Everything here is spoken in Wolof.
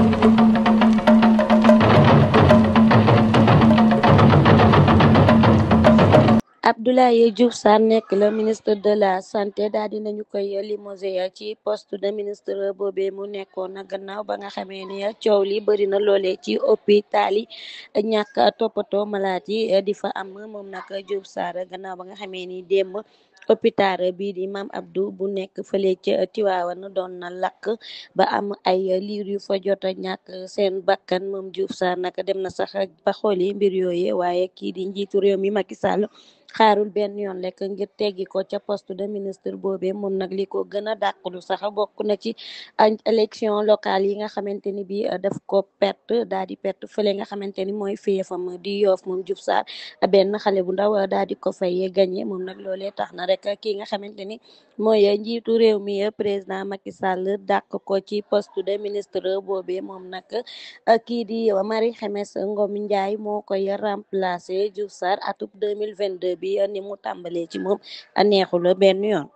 Thank you. Abdoulaye Diouf Sarr nekk la ministre de la santé daal di nañu koy limogé ci poste de ministre boobee mu nekkoon na gannaaw ba nga xamee ni coow li bëri na loolee ci hôpital yi ñàkk toppatoo malaat yi di fa am moom nag Diouf Sarr gannaaw ba nga xamee ni démb hôpital bii di Mame Abdou bu nekk fa fële ca na doon na lakk ba am ay liir yu fa jot a ñàkk seen bakkan moom Diouf Sarr nag dem na sax ba xooli mbir yooyee waaye kii di njiitu réew mi Macky Sall xaarul benn yoon lekk ngir teggi ko ca poste de ministre boobee moom nag li ko gën a dàqalu sax bokk na ci élection locale yi nga xamante bi daf ko perte daa di perte fële nga xamante ni mooy féefam di yoof moom Diouf Sarr benn xale bu ndaw daa di ko fay gagné moom nag loolee tax na rek ki nga xamante ni mooy njiitu réew mi président Macky Sall dàq ko ci poste de ministre boobee moom nag kii di Marie Khemesse Ngom Ndiaye moo koy remplacer atub 2022 bi ni mu tàmbalee ci moom a neexula benn yoon